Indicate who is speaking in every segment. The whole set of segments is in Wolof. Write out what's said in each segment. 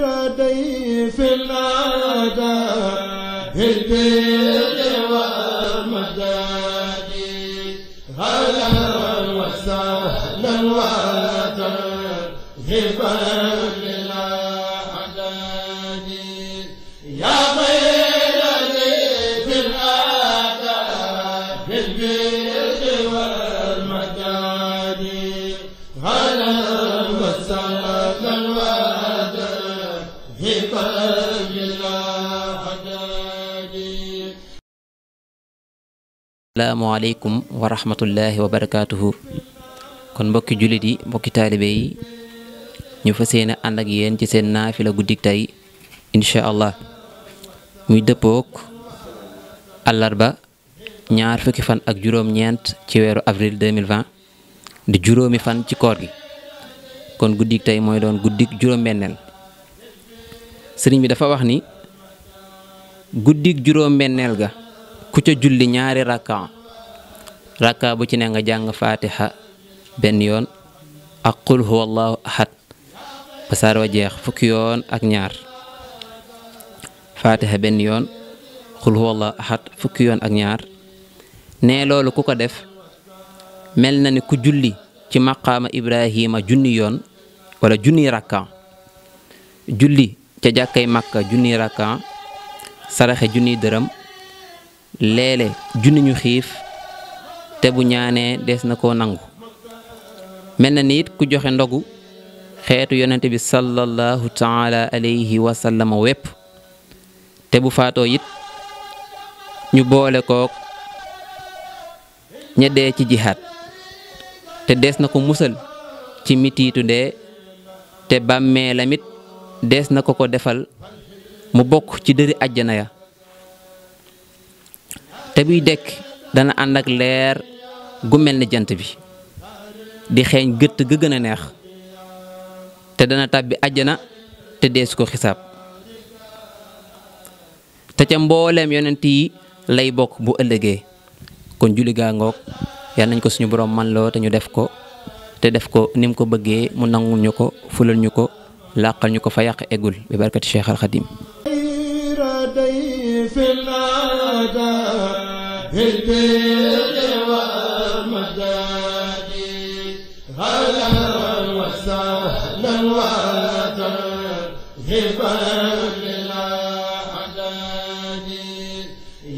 Speaker 1: ردي في الأدى البيض ومدادي هلا وسهلا وترهبا للأعداد يا salaamualeykum wa rahmatullahi wa barakaatuhu kon mbokki jullit yi mbokki taalibe yi ñu fa yéene ànd ak yéen ci seen naafila guddik tey incha allah muy dëppook àllarba ñaar fukki fan ak juróom-ñeent ci weeru avril 2020 di juróomi fan ci koor gi kon guddik tey mooy doon guddik juróom-benneel sëriñ bi dafa wax ni guddig juróom-benneel ga ku ca julli ñaari rakka rakka bu ci ne nga jàng faatiha benn yoon ak qul huwallahu ahad basaar wa jeex fukki yoon ak ñaar faatiha benn yoon qul huwallahu ak ñaar ne loolu ku ko def mel na ni ku julli ci maqaama ibrahima junni yoon wala junni rakka julli ca jàkkay Makka junni rakkan saraxe junni dërëm leele junni ñu xiif te bu ñaanee des na ko nangu mel na ni ku joxe ndogu xeetu yonent bi sallallahu taala alayhi wa wépp te bu faatoo it ñu boole kook ña ci jihaat te des na ko musal ci mitiitu dee te bàmmee des na ko defal mu bok ci deuri aljana ya te bi dekk dana ànd ak leer gu melni jant bi di xeeñ geut ga gën neex te dana tabbi aljana te dees ko xisab te ca mbollem yonenti lay bok bu ëllëgee kon julli ga ngok yal nañ ko suñu borom man lo te ñu def ko te def ko nim ko bëggé mu nangul ñuko fulal làqal ñu ko fa yàq eggul bi barkati Cheikh Al Khadim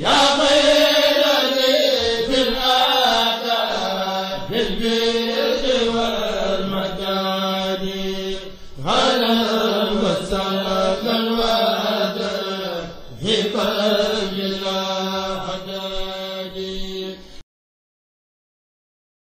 Speaker 1: Yeah. على مسلم